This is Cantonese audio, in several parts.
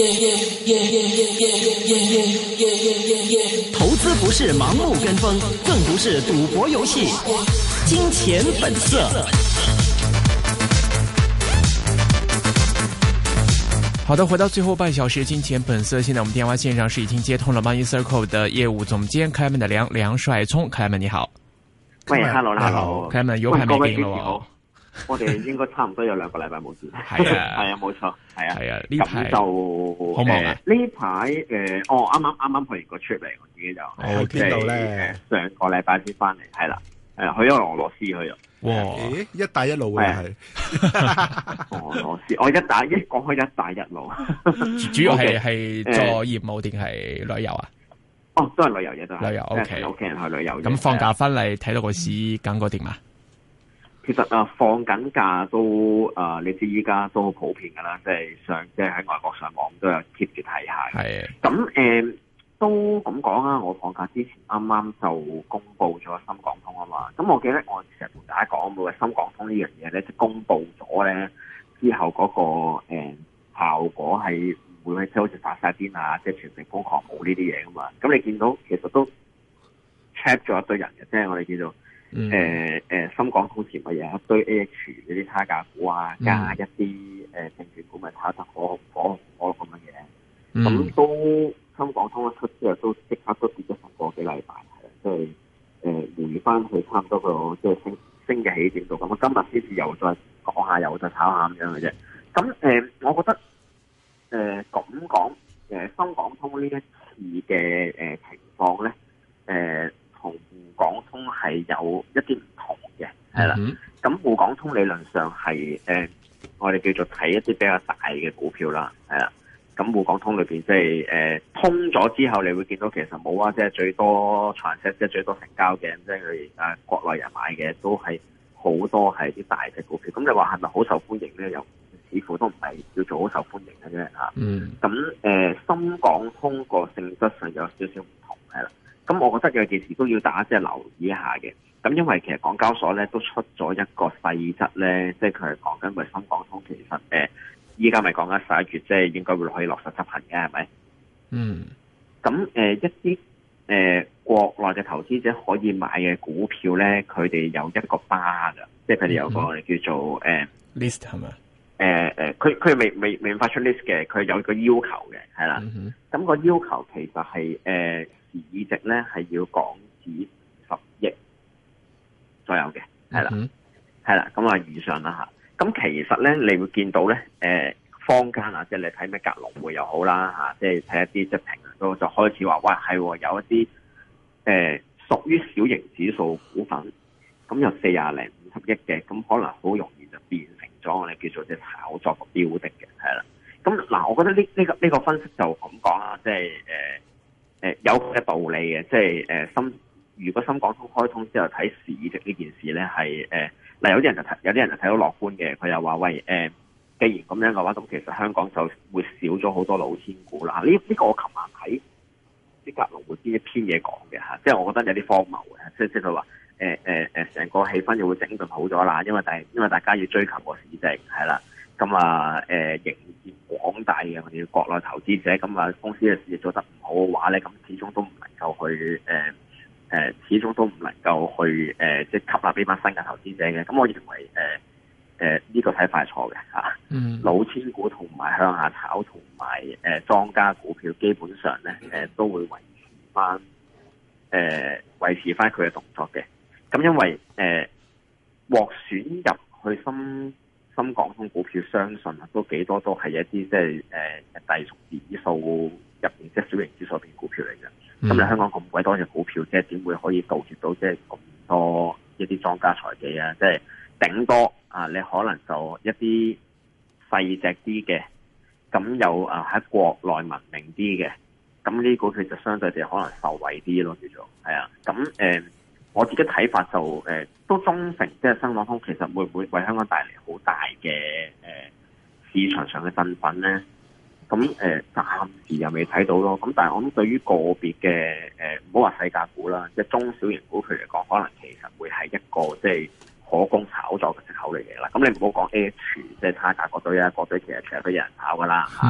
Yeah, yeah, yeah, yeah, yeah, yeah, yeah, yeah. 投資不是盲目跟風，更不是賭博遊戲。金錢本色。好的，回到最後半小時，金錢本色。現在我們電話線上是已經接通了 Money Circle 的業務總監克萊門的梁梁帥聰，克萊門你好。歡迎，Hello，Hello。克萊門有牌沒？我哋應該差唔多有兩個禮拜冇事。係啊，係啊，冇錯，係啊，係啊。呢排就好忙啊呢排，誒，我啱啱啱啱去完個 trip 嚟，我自己就喺邊度咧？上個禮拜先翻嚟，係啦。誒，去咗俄羅斯去啊？哇！一帶一路嘅係。俄羅斯，我一帶一講開一帶一路，主要係係做業務定係旅遊啊？哦，都係旅遊嘢，都係旅遊。O K，屋企人去旅遊。咁放假翻嚟睇到個市，感覺點啊？其實啊，放緊假都啊，你知依家都好普遍噶啦，即係上即係喺外國上網都有 keep 住睇下。係啊，咁誒、嗯、都咁講啦，我放假之前啱啱就公佈咗深港通啊嘛。咁我記得我成日同大家講，每個深港通呢樣嘢咧，即係公佈咗咧之後嗰、那個、嗯、效果係唔會即係好似發晒癲啊，即係全城瘋狂冇呢啲嘢噶嘛。咁你見到其實都 check 咗一堆人嘅，即係我哋見到。誒誒、嗯呃，深港通前咪有一堆 A H 嗰啲差價股啊，嗯、加一啲誒證券股咪炒得火火火咁樣嘅，咁、嗯、都深港通一出之後，都即刻都跌咗成個幾禮拜，係啦，即係誒回翻去差唔多、那個即係、就是、升升嘅起點度，咁我今日先至又再講下又再炒下咁樣嘅啫。咁誒、呃，我覺得誒咁講誒深港通呢一次嘅誒、呃、情況咧，誒、呃。同滬港通係有一啲唔同嘅，係啦。咁滬港通理論上係誒、呃，我哋叫做睇一啲比較大嘅股票啦，係啦。咁滬港通裏邊即係誒通咗之後，你會見到其實冇啊，即係最多嘗試，即係最多成交嘅，即係佢而家國內人買嘅都係好多係啲大隻股票。咁你話係咪好受歡迎咧？又似乎都唔係叫做好受歡迎嘅啫嚇。咁誒、嗯呃、深港通個性質上有少少唔同，係啦。咁我覺得有件事都要大家即係留意一下嘅。咁因為其實港交所咧都出咗一個細則咧，即係佢係講緊深港通，其實誒依家咪講緊十一月，即係應該會可以落實執行嘅，係咪？嗯。咁誒、呃、一啲誒、呃、國內嘅投資者可以買嘅股票咧，佢哋有一個巴嘅，即係佢哋有個叫做誒 list 係嘛？誒誒、呃，佢佢未未未發出 list 嘅，佢有個要求嘅，係啦。咁、嗯、哼個要求其實係誒。呃市值咧，係要港紙十億左右嘅，係啦，係啦、嗯哼，咁啊以上啦吓。咁其實咧，你會見到咧，誒，坊間啊，即係你睇咩格隆會又好啦吓，即係睇一啲即係評論，都就開始話，哇，係有一啲誒，屬、呃、於小型指數股份，咁有四廿零五十億嘅，咁可能好容易就變成咗我哋叫做即係炒作嘅標的嘅，係啦。咁嗱，我覺得呢呢個呢個分析就咁講啊，即係誒。呃誒、呃，有嘅道理嘅，即係誒、呃、深，如果深港通開通之後睇市值呢件事咧，係誒，嗱有啲人就睇，有啲人，有人，有啲人就睇到樂觀嘅，佢又話喂，誒、呃，既然咁樣嘅話，咁其實香港就會少咗好多老千股啦。呢、這、呢個我琴晚喺啲隔龍門一篇嘢講嘅吓，即係我覺得有啲荒謬嘅，即係即係話，誒誒誒，成、呃、個氣氛就會整頓好咗啦，因為大因為大家要追求個市值係啦。咁啊，誒、呃、營業廣大嘅或者國內投資者，咁啊公司嘅事業做得唔好嘅話咧，咁始終都唔能夠去誒、呃呃、始終都唔能夠去誒、呃，即係吸納呢班新嘅投資者嘅。咁我認為誒呢、呃呃呢個睇法係錯嘅吓，mm hmm. 老千股同埋向下炒同埋誒莊家股票，基本上咧、呃、都會維持翻誒、呃、維持翻佢嘅動作嘅。咁因為誒、呃、獲選入去深。咁港通股票相信都幾多都係一啲即係誒低屬指數入面即係小型指數入面的股票嚟嘅。咁你、嗯、香港咁鬼多隻股票，即係點會可以杜絕到即係咁多一啲莊家財技啊？即、就、係、是、頂多啊，你可能就一啲細隻啲嘅，咁有啊喺國內文明啲嘅，咁呢股票就相對地可能受惠啲咯，叫做係啊。咁誒。我自己睇法就誒、呃、都忠誠，即係新朗通其實會唔會為香港帶嚟好大嘅誒、呃、市場上嘅振奮咧？咁暫、呃、時又未睇到咯。咁但係我諗對於個別嘅誒，唔好話細價股啦，即係中小型股，佢嚟講可能其實會係一個即係可供炒作嘅入口嚟嘅啦。咁你唔好講 H，即係差價嗰堆啊，嗰堆其實全部都有人炒噶啦嚇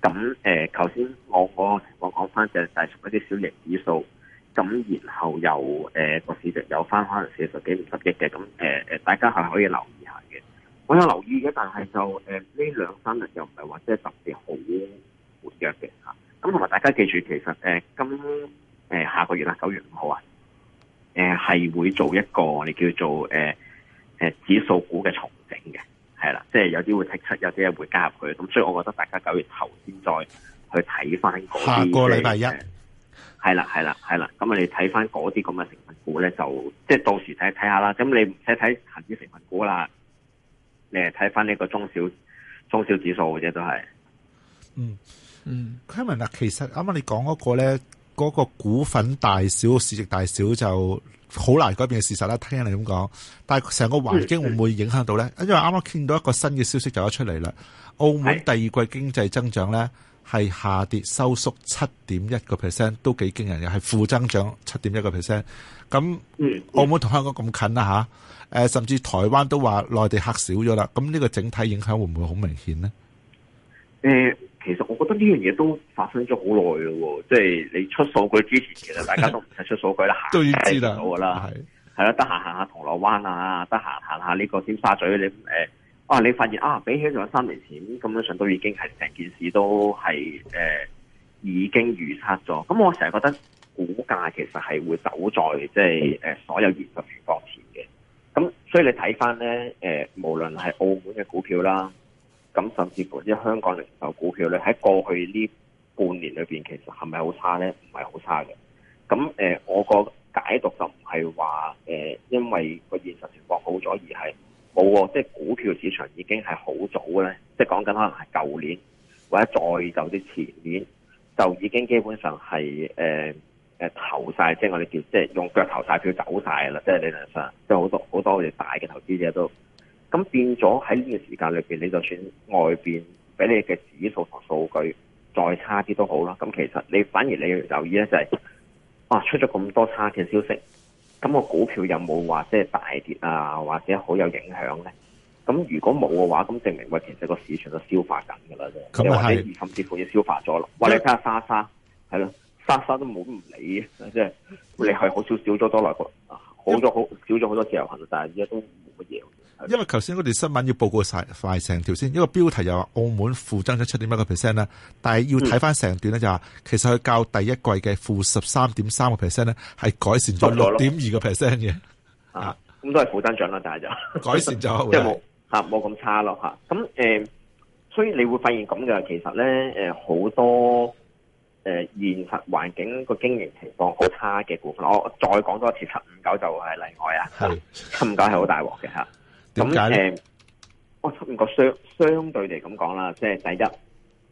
咁誒，頭先、mm. 啊呃、我情況講翻就係大一啲小型指數。咁然後又誒個、呃、市值有翻可能四十幾五十億嘅，咁誒、呃、大家係可以留意下嘅。我有留意嘅，但係就誒呢兩三日又唔係話即係特別好活躍嘅嚇。咁同埋大家記住，其實誒、呃、今誒、呃、下個月啊，九月五號啊，係、呃、會做一個你叫做誒、呃呃、指數股嘅重整嘅，係啦，即係有啲會剔出，有啲會加入佢。咁所以我覺得大家九月頭先再去睇翻嗰啲。下個禮拜一。呃係啦，係啦，係啦，咁你睇翻嗰啲咁嘅成分股咧，就即係到時睇睇下啦。咁你唔使睇恒指成分股啦，你係睇翻呢個中小中小指數嘅啫，都係、嗯。嗯嗯 Kevin 其實啱啱你講嗰、個咧，嗰、個股份大小市值大小就好難改變嘅事實啦。聽你咁講，但係成個環境會唔會影響到咧？嗯、因為啱啱聽到一個新嘅消息就咗出嚟啦，澳門第二季經濟增長咧。係下跌收縮七點一個 percent 都幾驚人，又係負增長七點一個 percent。咁澳門同香港咁近啦、啊、吓，誒、嗯、甚至台灣都話內地客少咗啦。咁呢個整體影響會唔會好明顯呢？誒、嗯，其實我覺得呢樣嘢都發生咗好耐咯，即、就、係、是、你出數據之前，其實大家都唔使出數據啦， 都要知道噶啦。係係啦，得閒的的行下銅鑼灣啊，得閒行下呢個尖沙咀你誒。哇、啊！你發現啊，比起兩三年前，根本上都已經係成件事都係誒、呃、已經預測咗。咁我成日覺得股價其實係會走在即係、就是呃、所有現實情況前嘅。咁所以你睇翻咧誒，無論係澳門嘅股票啦，咁甚至乎即係香港零售股票咧，喺過去呢半年裏面，其實係咪好差咧？唔係好差嘅。咁、呃、我個解讀就唔係話誒，因為個現實情況好咗而係。冇喎，即係股票市場已經係好早咧，即係講緊可能係舊年或者再舊啲前年，就已經基本上係誒、呃、投晒、就是。即係我哋叫即係用腳投晒票走晒啦，即係理論上，即係好多好多我哋大嘅投資者都咁變咗喺呢個時間裏面，你就算外邊俾你嘅指數同數據再差啲都好啦，咁其實你反而你留意咧就係、是，啊出咗咁多差嘅消息。咁個股票有冇話即係大跌啊，或者好有影響咧？咁如果冇嘅話，咁證明咪其實個市場都消化緊嘅啦啫。咁啊係，或者甚至乎消化咗咯。喂，你睇下莎莎，係咯、嗯，莎莎都冇唔理即係、就是、你係好少少咗多耐個，嗯、好咗好少咗好多自由行，但係而家都冇乜嘢。因為頭先嗰段新聞要報告晒成條先，一個標題又話澳門負增咗七點一個 percent 啦，但係要睇翻成段咧就話、是，其實佢較第一季嘅負十三點三個 percent 咧係改善咗六點二個 percent 嘅，啊，咁、嗯嗯、都係負增長啦，但係就改善咗，即係冇吓冇咁差咯吓，咁誒、呃，所以你會發現咁嘅其實咧，誒、呃、好多誒、呃、現實環境個經營情況好差嘅股份。我再講多一次七五九就係例外啊，七五九係好大鑊嘅吓。咁誒，我出面個相相對嚟咁講啦，即係第一，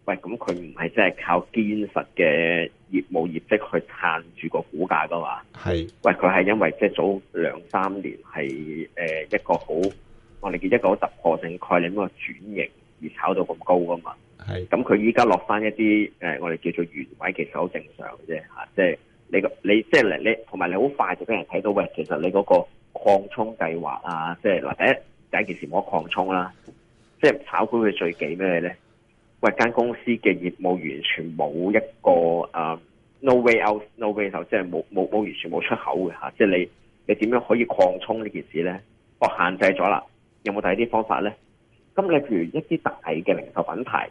喂，咁佢唔係即係靠堅實嘅業務業績去撐住個股價噶嘛？係，是的 喂，佢係因為即係早兩三年係誒一個好我哋叫一個好突破性概念咁嘅轉型而炒到咁高噶嘛？係是的，咁佢依家落翻一啲誒，我哋叫做原位，其實好正常嘅啫吓，即係你個你即係嚟你同埋你好快就俾人睇到，喂，其實你嗰個擴充計劃啊，即係嗱第一。第一件事冇得擴充啦，即係炒股嘅最忌咩咧？喂，間公司嘅業務完全冇一個誒、uh，no way out，no way out，即係冇冇冇完全冇出口嘅嚇。即係你你點樣可以擴充呢件事咧？我、哦、限制咗啦，有冇第二啲方法咧？咁例如一啲大嘅零售品牌，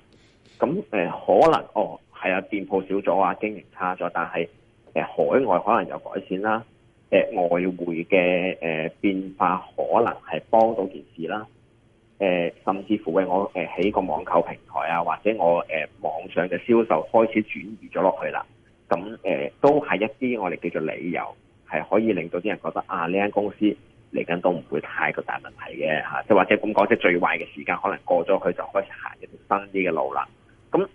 咁誒、呃、可能哦係啊，店鋪少咗啊，經營差咗，但係誒、呃、海外可能有改善啦。誒、呃、外匯嘅誒變化可能係幫到件事啦，誒、呃、甚至乎嘅我誒喺、呃、個網購平台啊，或者我誒、呃、網上嘅銷售開始轉移咗落去啦，咁誒、呃、都係一啲我哋叫做理由，係可以令到啲人覺得啊呢間、啊、公司嚟緊都唔會太過大問題嘅嚇、啊，即係或者咁講即係最壞嘅時間可能過咗去就開始行一條新啲嘅路啦，咁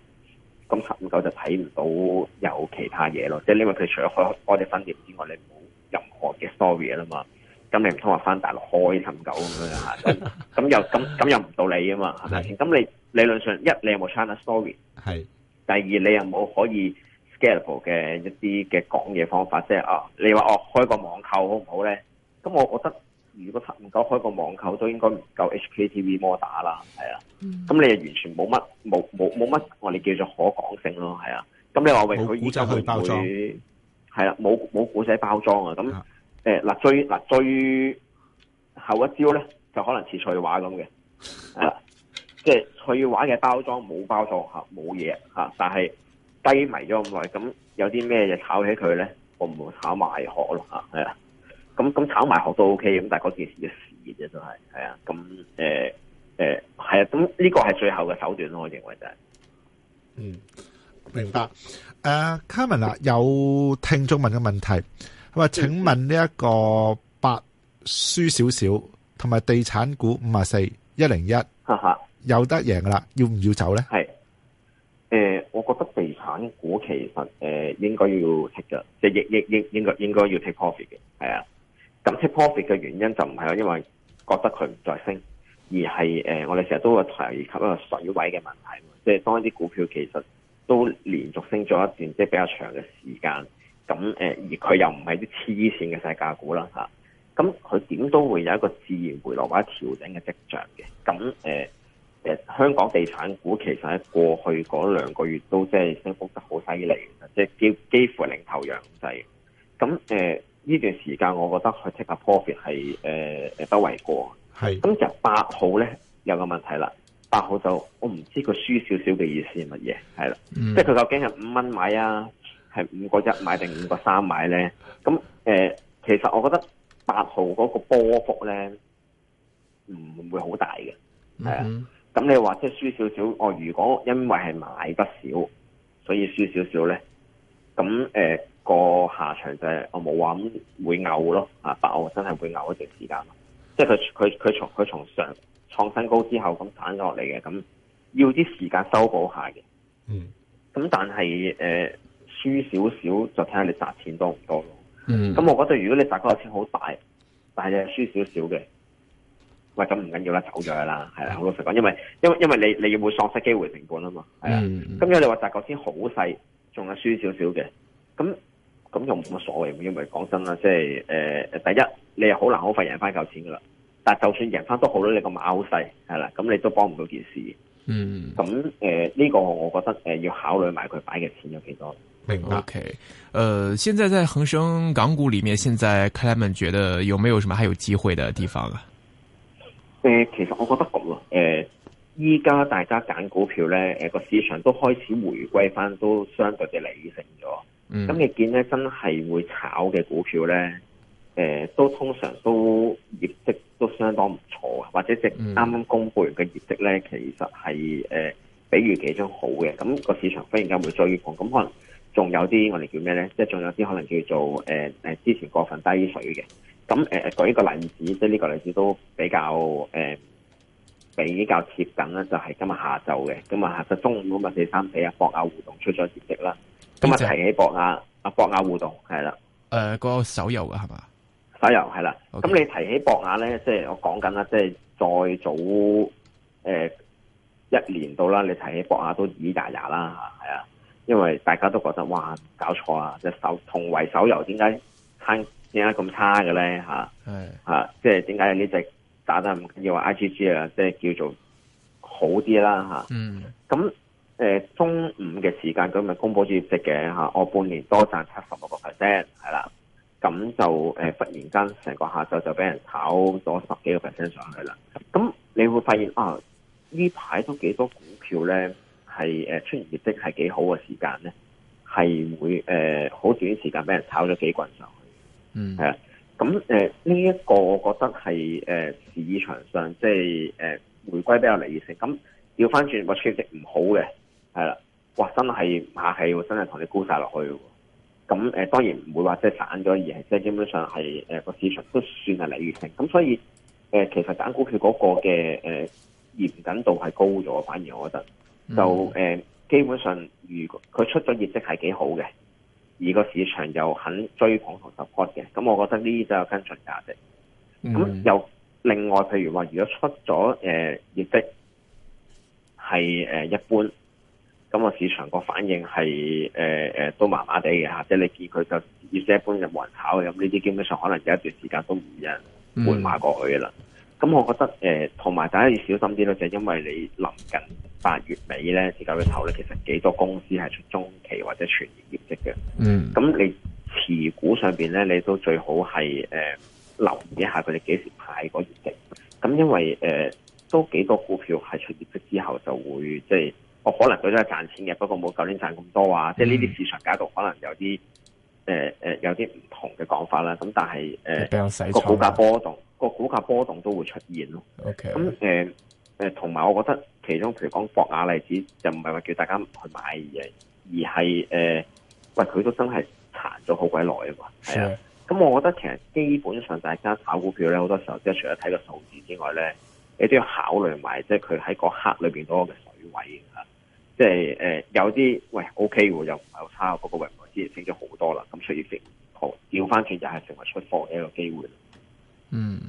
咁七五九就睇唔到有其他嘢咯，即、就、係、是、因為佢除咗開多啲分店之外，你。我嘅 story 啦嘛，咁你唔通話翻大陸開恆久咁樣啊？咁咁 又咁咁又唔到你啊嘛？係咪先？咁你理論上一你有冇 China story？係。第二你有冇可以 scalable 嘅一啲嘅講嘢方法，即係啊，你話哦開個網購好唔好咧？咁我覺得如果恆久開個網購都應該唔夠 HKTV 摩打啦，係啊。咁、嗯、你又完全冇乜冇冇冇乜我哋叫做可講性咯，係啊。咁你話為佢而會？係啦，冇冇古仔包裝啊！咁誒，嗱最嗱最後一招咧，就可能似翠華咁嘅，係啦，即、就、係、是、翠華嘅包裝冇包裝吓，冇嘢吓，但係低迷咗咁耐，咁有啲咩嘢炒起佢咧？我唔會炒埋殼咯吓，係啊，咁咁炒埋殼都 O K，咁但係嗰件事嘅事業都係係啊，咁誒誒，係啊，咁、呃、呢、呃這個係最後嘅手段，嘅定位啫，嗯。明白。誒，Carmen 啊，有聽眾問嘅問題，咁啊，請問呢一個八輸少少，同埋地產股五十四一零一，哈哈，有得贏噶啦，要唔要走咧？係誒、呃，我覺得地產股其實誒、呃、應該要 take 嘅，即係應應應應該應該要 take profit 嘅，係啊。咁 take profit 嘅原因就唔係因為覺得佢唔再升，而係誒、呃、我哋成日都會提及一個水位嘅問題，即係當一啲股票其實。都連續升咗一段即係比較長嘅時間，咁誒、呃、而佢又唔係啲黐線嘅細價股啦嚇，咁佢點都會有一個自然回落或者調整嘅跡象嘅。咁誒誒香港地產股其實喺過去嗰兩個月都即係升幅得好犀利，即係幾幾乎領頭羊咁滯。咁誒呢段時間，我覺得佢 take profit 係誒誒不為過。係是。咁其實八號咧有個問題啦。八號就我唔知佢輸少少嘅意思係乜嘢？係啦，嗯、即係佢究竟係五蚊買啊，係五個一買定五個三買咧？咁誒、呃，其實我覺得八號嗰個波幅咧唔會好大嘅，係啊。咁、嗯、你話即係輸少少，我、哦、如果因為係買得少，所以輸少少咧，咁誒個下場就係、是、我冇話會嘔咯，啊，八號我真係會嘔一段時間，即係佢佢佢從佢從上。創新高之後咁彈咗落嚟嘅，咁要啲時間修補下嘅。嗯，咁但係誒，輸少少就睇下你賺錢多唔多咯。嗯，咁我覺得如果你賺嗰筆錢好大，但係又輸少少嘅，喂，咁唔緊要啦，走咗啦，係啦的，我老實講，因為因為因為你你要會喪失機會成本啊嘛，係啊。咁、嗯、的有你話賺嗰錢好細，仲係輸少少嘅，咁咁又冇乜所謂，因為講真啦，即係誒、呃，第一你又好難好快贏翻夠錢噶啦。但就算贏翻都好啦，你咁馬好細，係啦，咁你都幫唔到件事。嗯，咁誒呢個我覺得誒、呃、要考慮埋佢擺嘅錢有幾多。明白。OK，誒、呃，現在在恒生港股裡面，現在 Clayman 覺得有沒有什麼還有機會的地方啊？誒、呃，其實我覺得咁啊，誒、呃，依家大家揀股票咧，誒、呃、個市場都開始回歸翻，都相對嘅理性咗。嗯。咁你見咧真係會炒嘅股票咧？誒、呃，都通常都業績都相當唔錯啊，或者隻啱啱公布完嘅業績咧，其實係誒、呃，比如幾張好嘅，咁、嗯、個市場忽然間會追捧，咁、嗯、可能仲有啲我哋叫咩咧？即係仲有啲可能叫做誒、呃、之前過份低水嘅，咁、嗯、誒、呃、舉一個例子，即係呢個例子都比較誒、呃、比較貼緊啦，就係、是、今日下晝嘅，今日下晝、就是、中午嗰個四三四啊博雅互動出咗業績啦，今日提起博雅啊、嗯、博雅互動係啦，誒、呃那個手遊嘅係嘛？手遊係啦，咁 Okay. 你提起博雅咧，即、就、係、是、我講緊啦，即、就、係、是、再早誒、呃、一年到啦，你提起博雅都耳牙牙啦吓，係啊，因為大家都覺得哇搞錯啊，隻手同為手遊點解差點解咁差嘅咧吓？係吓的，即係點解呢隻打得唔要 IGG 啊，即、就、係、是、叫做好啲啦吓。嗯、mm.。咁、呃、誒，中午嘅時間咁咪公布住業績嘅吓，我半年多賺七十六個 percent 係啦。咁就誒，忽、呃、然間成個下晝就俾人炒咗十幾個 percent 上去啦。咁你會發現啊，呢排都幾多股票咧，係誒出現業績係幾好嘅時間咧，係會誒好、呃、短時間俾人炒咗幾棍上去。嗯，係啊。咁誒呢一個我覺得係誒市場上即係誒回歸比較理性。咁調翻轉個出現業績唔好嘅，係啦，哇！真係馬戲，我真係同你沽晒落去喎。咁誒、呃、當然唔會話即係散咗，而係即係基本上係誒個市場都算係理喻性。咁所以、呃、其實揀股票嗰個嘅誒、呃、嚴謹度係高咗，反而我覺得就誒、呃、基本上，如果佢出咗業績係幾好嘅，而個市場又肯追捧同 support 嘅，咁我覺得呢啲都有跟進價值。咁又另外譬如話，如果出咗誒、呃、業績係、呃、一般。咁個市場個反應係誒、呃、都麻麻地嘅嚇，即係你見佢就業績一般冇人炒嘅咁，呢啲基本上可能有一段時間都唔人會買過去嘅啦。咁、嗯嗯、我覺得誒同埋大家要小心啲咯，就因為你臨近八月尾咧，接近佢頭咧，其實幾多公司係出中期或者全年業績嘅。嗯，咁你持股上面咧，你都最好係誒、呃、留意一下佢哋幾時派嗰啲息。咁因為誒、呃、都幾多股票係出業績之後就會即係。可能佢都係賺錢嘅，不過冇舊年賺咁多啊！嗯、即係呢啲市場解讀可能有啲誒誒，有啲唔同嘅講法啦。咁但係誒個股價波動，個、啊、股價波動都會出現咯。Okay。咁誒誒，同、嗯、埋我覺得其中，譬如講博雅例子，就唔係話叫大家去買嘢，而係誒、呃、喂，佢都真係殘咗好鬼耐啊嘛。係啊，咁的、嗯、我覺得其實基本上大家炒股票咧，好多時候即係除咗睇個數字之外咧，你都要考慮埋即係佢喺嗰刻裏邊嗰個嘅水位。即係誒、呃，有啲喂，O K 嘅又唔係、那個、好差，不過個位置升咗好多啦。咁所以好調翻轉，就係成為出貨嘅一個機會。嗯，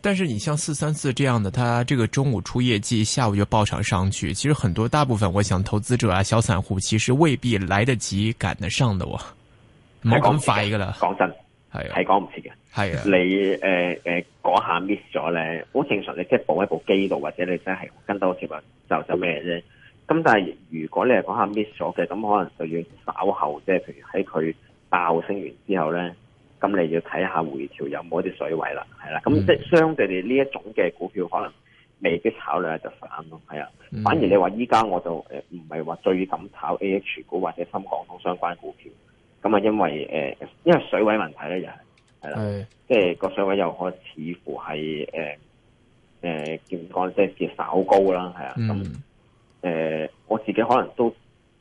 但是你像四三四這樣的，他這個中午出業績，下午就爆場上去。其實很多大部分，我想投資者啊，小散戶其實未必來得及趕得上的。我唔好咁快㗎喇，講真係係講唔切嘅。係你誒誒，呃呃、嗰下 miss 咗咧，好正常。你即係補一補機度，或者你真係跟多幾日就走咩啫。嗯咁但係如果你係講下 miss 咗嘅，咁可能就要稍後，即係譬如喺佢爆升完之後咧，咁你要睇下回調有冇啲水位啦，係啦，咁、嗯、即係相對哋呢一種嘅股票，可能未必考慮就反咯，係啊。嗯、反而你話依家我就唔係話最敢炒 AH 股或者深港通相關股票，咁啊，因為、呃、因為水位問題咧又係，係啦，是的 即係個水位又可似乎係、呃呃、見誒叫講即係叫稍高啦，係啊，咁。嗯嗯誒、呃，我自己可能都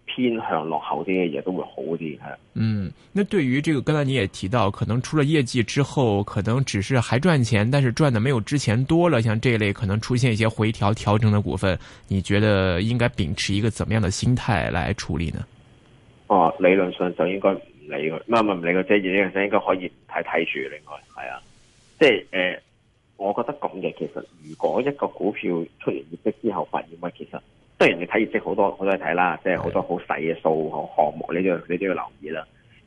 偏向落後啲嘅嘢，都會好啲係。的嗯，那對於這個，剛才你也提到，可能出了業績之後，可能只是還賺錢，但是賺得沒有之前多了，像這一類可能出現一些回調調整的股份，你覺得應該秉持一個怎麼樣的心態來處理呢？哦、啊，理論上就應該唔理佢，唔係唔理佢即係嘢，理論上應該可以睇睇住。另外係啊，即係誒，我覺得咁嘅，其實如果一個股票出完業績之後發現咩，其實。雖然你睇業績好多好多嘢睇啦，即係的好多好細嘅數項項目，呢啲你都要留意啦。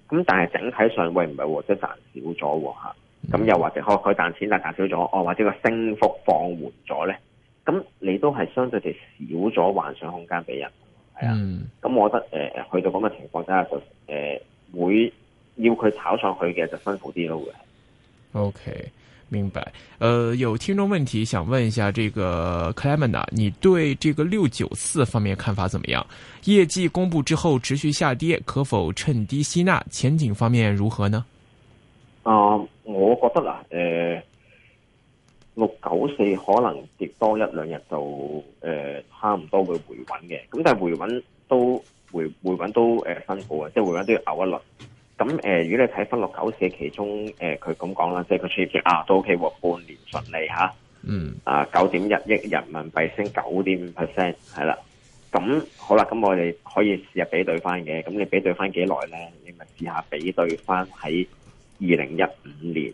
咁但係整體上喂，唔係即係賺少咗嚇，咁、嗯、又或者可佢賺錢但係賺少咗，哦或者個升幅放緩咗咧，咁你都係相對地少咗幻想空間俾人，係啊。咁、嗯、我覺得誒、呃、去到咁嘅情況之下就誒會、呃、要佢炒上去嘅就辛苦啲咯。會。O K。明白，呃，有聽眾問題想問一下，這個 Clement 啊，你對這個六九四方面看法怎麼樣？業績公布之後持續下跌，可否趁低吸納？前景方面如何呢？啊、嗯，我覺得啦，誒、呃，六九四可能跌多一兩日就誒、呃，差唔多會回穩嘅，咁但係回穩都回回穩都誒、呃、辛苦啊，即係回穩都要嘔、呃、一輪。咁誒、呃，如果你睇分六九四，其中誒佢咁講啦，即係佢宣傳啊，都 OK 喎，半年順利嚇，嗯啊，九點一億人民幣升九點五 percent 係啦。咁好啦，咁我哋可以試下比對翻嘅。咁你比對翻幾耐咧？你咪試下比對翻喺二零一五年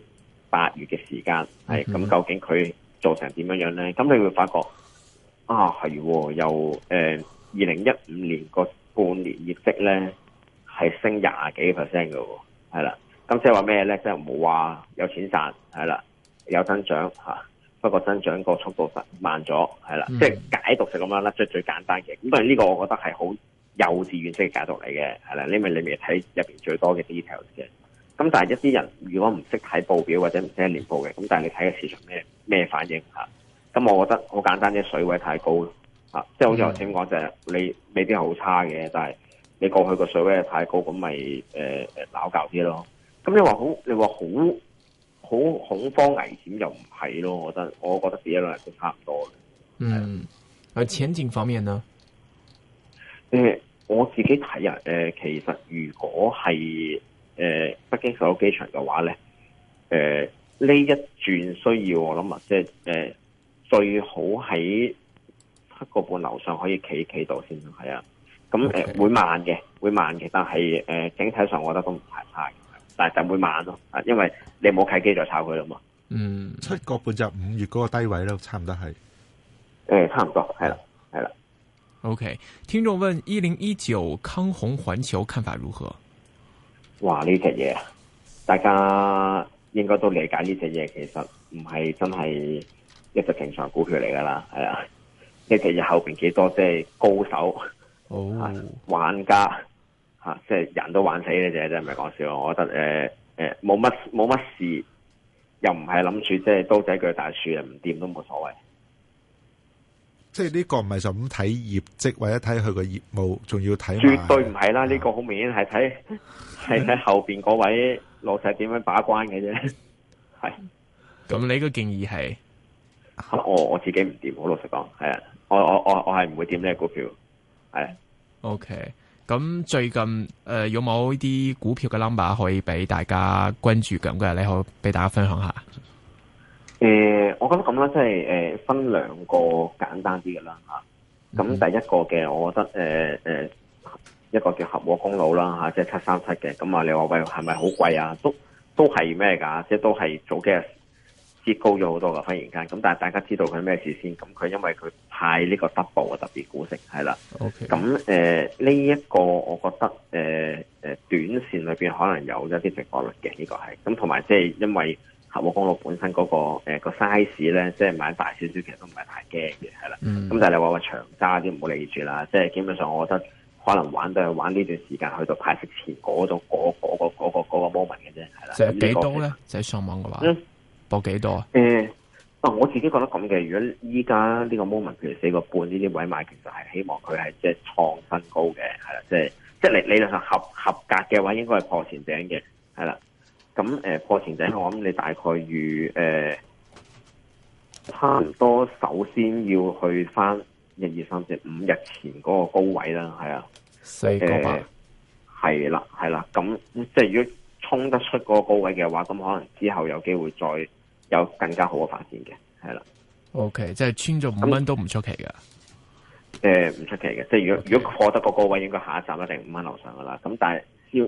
八月嘅時間係咁，mm. 究竟佢做成點樣樣咧？咁你會發覺啊，係又誒二零一五年個半年業績咧。係升廿幾 percent 嘅喎，係啦。咁即係話咩咧？即係冇話有錢賺，係啦，有增長嚇、啊。不過增長個速度慢咗，係啦。即、就、係、是、解讀就咁樣啦，即係最簡單嘅。咁但係呢個我覺得係好幼稚園式嘅解讀嚟嘅，係啦。因為你未睇入邊最多嘅 details 嘅。咁但係一啲人如果唔識睇報表或者唔識年報嘅，咁但係你睇嘅市場咩咩反應嚇？咁、啊、我覺得好簡單，即係水位太高咯。即係好似我頭先講，就係、是、你未必係好差嘅，但係。你過去個水位太高，咁咪誒誒撈搞啲咯。咁你話好，你話好好恐慌危險又唔係咯。我覺得，我覺得 B 一兩人都差唔多嘅。嗯，而前景方面呢？誒、呃，我自己睇啊。誒、呃，其實如果係誒、呃、北京首都機場嘅話咧，誒、呃、呢一轉需要我諗啊，即係誒、呃、最好喺七個半樓上可以企企到先，係啊。咁誒會慢嘅，會慢嘅，但係誒、呃、整體上我覺得都唔係太差嘅，但係就會慢咯，啊，因為你冇契機就炒佢喇嘛。嗯，七個半就五月嗰個低位咯，差唔多係。誒、呃，差唔多，係啦，係啦。OK，聽眾問：二零一九康弘環球看法如何？哇！呢隻嘢，大家應該都理解呢隻嘢，其實唔係真係一隻平常股票嚟噶啦，係啊，呢隻嘢後面幾多即係高手。好、哦、玩家吓，即係人都玩死你啫，真係唔係講笑。我覺得誒誒，冇乜冇乜事，又唔係諗住即係刀仔鋸大樹啊，唔掂都冇所謂。即係呢個唔係就咁睇業績或者睇佢個業務，仲要睇絕對唔係啦。呢、啊、個好明顯係睇係睇後邊嗰位老細點樣把關嘅啫。係 是。咁你個建議係我我自己唔掂，好老實講，係啊，我我我我係唔會掂呢個股票。係，OK，咁最近誒、呃，有冇呢啲股票嘅 number 可以俾大家關注咁嘅？你可以俾大家分享下。誒、呃，我覺得咁樣，即係誒、呃，分兩個簡單啲嘅啦吓。咁第一個嘅，我覺得誒誒、呃呃，一個叫合和公路啦吓，即係七三七嘅。咁啊，你話喂，係咪好貴啊？都都係咩噶？即係都係早幾日，高咗好多噶，忽然間咁，但係大家知道佢咩事先咁，佢因為佢派呢個 double 嘅特別股息係啦。咁誒呢一個，我覺得誒誒、呃、短線裏邊可能有一啲值博率嘅呢、這個係。咁同埋即係因為合和公路本身嗰、那個誒個、呃、size 咧，即、就、係、是、買大少少，其實都唔係太驚嘅係啦。咁、嗯、但係你話話長揸啲唔好理住啦，即、就、係、是、基本上我覺得可能玩都係玩呢段時間去到派息前嗰度嗰嗰個嗰、那個嗰、那個那個 moment 嘅啫，係啦。即係幾多咧？就係上網嘅話。破幾多？誒，嗱，我自己覺得咁嘅。如果依家呢個 moment 譬如四個半呢啲位買，其實係希望佢係即係創新高嘅，係啦、即係，即係即係理理論上合合格嘅話，應該係破前頂嘅，係啦。咁誒、呃，破前頂我諗你大概預誒、呃，差唔多首先要去翻一、二、三、四、五日前嗰個高位啦，係啊，四個係啦，係啦。咁即係如果衝得出嗰個高位嘅話，咁可能之後有機會再。有更加好嘅發展嘅，係啦。O K，即係穿咗五蚊都唔出奇嘅，誒唔出奇嘅。即係如果如果過得嗰個高位，應該下一站一定五蚊樓上噶啦。咁但係要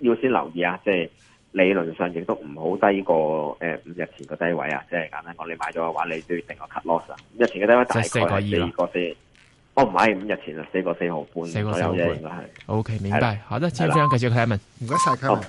要先留意啊，即係理論上亦都唔好低過誒五日前嘅低位啊。即係簡單講，你買咗嘅話，你都要定個 cut loss 啊。五日前嘅低位就係四個二啦。哦，唔係五日前啊，四個四毫半左右嘅應該係。O K，明白。好的，今天非常感謝客人們。好。